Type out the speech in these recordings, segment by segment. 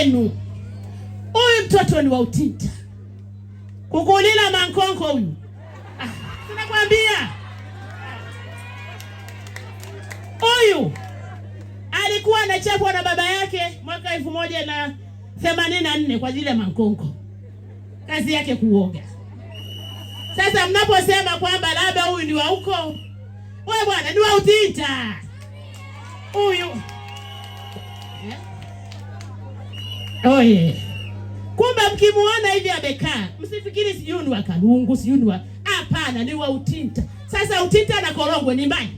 wenu. Huyu mtoto ni wa utinta kukulila mankonko huyu, ah, tunakwambia huyu alikuwa anachapwa na baba yake mwaka elfu moja na themanini na nne kwa ajili ya mankonko, kazi yake kuoga. Sasa mnaposema kwamba labda huyu ni wa huko, wewe bwana ni wa utinta huyu, yeah. Oye. yeah. Kumbe mkimuona hivi amekaa, msifikiri sijui ni wa Kalungu, sijui ni wa hapana, ni wa Utinta. Sasa Utinta na Korogwe ni mbali,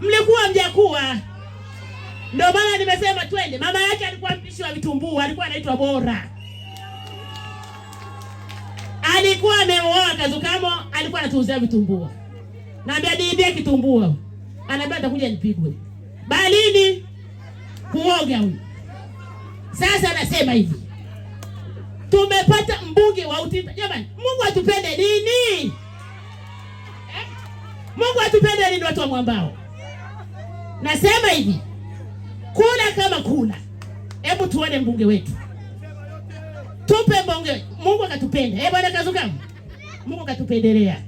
mlikuwa mjakuwa. Ndio maana nimesema twende. Mama yake alikuwa mpishi wa vitumbuu, alikuwa anaitwa Bora, alikuwa ameoa Kazukamo, alikuwa anatuuzia vitumbua. Naambia niibie kitumbua, anaambia atakuja nipigwe. Balini kuoga huyu sasa nasema hivi, tumepata mbunge wa Utinda. Jamani, Mungu atupende nini? Eh? Mungu atupende nini watu wa mwambao? Nasema hivi, kuna kama kuna, hebu tuone mbunge wetu, tupe mbunge. Mungu akatupenda, eh bwana Kazuka, Mungu akatupendelea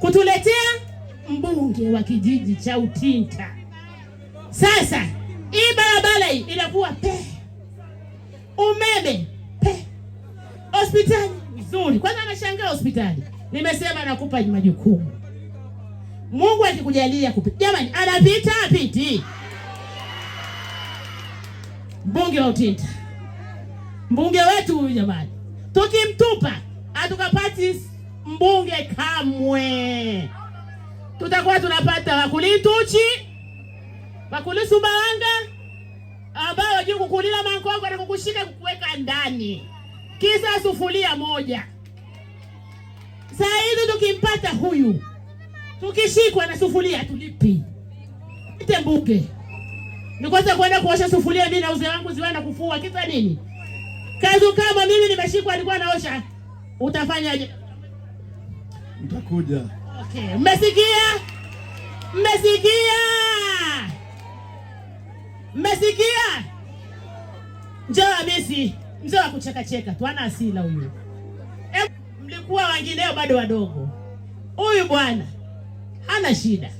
kutuletea mbunge wa kijiji cha utinta Sasa hii barabara hii inakuwa pe umeme Pe. Eh. hospitali vizuri. Kwanza anashangaa hospitali, nimesema nakupa majukumu. Mungu akikujalia kupita, jamani, anapita apiti. Mbunge wa Utinta, mbunge wetu huyu jamani, tukimtupa atukapati mbunge kamwe, tutakuwa tunapata wakulituchi wakulisubalanga kukulila mankongo na kukushika kukuweka ndani, kisa sufuria moja. Saa hizi tukimpata huyu, tukishikwa na sufuria tulipi ite mbuge nikosa kwenda kuosha sufuria mimi na uzee wangu ziwana kufua kisa nini? Kazi kama mimi nimeshikwa, alikuwa naosha, utafanyaje? Mtakuja. Okay, mmesikia? Mmesikia? Mmesikia? Njoo wa Hamisi, mzee wa kuchekacheka tu, ana asila huyu. Mlikuwa wengineo bado wadogo, huyu bwana hana shida,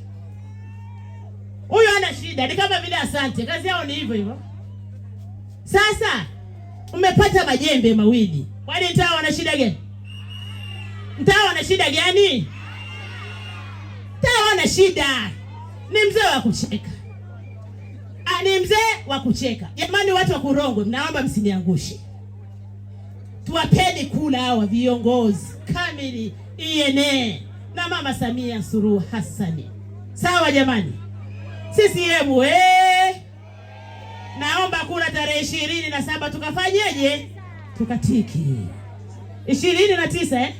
huyu hana shida, ni kama vile asante, kazi yao ni hivyo hivyo. Sasa umepata majembe mawili, kwani mtaa wana shida gani? Mtaa wana shida gani? Mtaa wana shida, ni mzee wa kucheka ni mzee wa kucheka. Jamani, watu wa kurongwe mnaomba msiniangushe. Tuwapeni kula hawa viongozi kamili iene na Mama Samia Suluhu Hassani, sawa jamani? CCM eh, naomba kula tarehe ishirini na saba tukafanyeje? Tukatiki ishirini na tisa eh?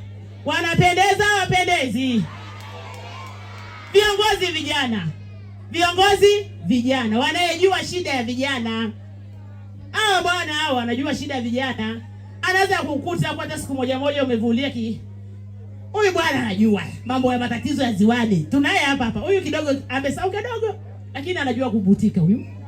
Wanapendeza wapendezi, viongozi vijana viongozi vijana wanayejua shida ya vijana. Hawa bwana hawa wanajua shida ya vijana, anaweza kukuta hata siku moja moja umevulia ki huyu bwana anajua mambo ya matatizo ya ziwani, tunaye hapa hapa. Huyu kidogo amesauka kidogo, lakini anajua kubutika huyu.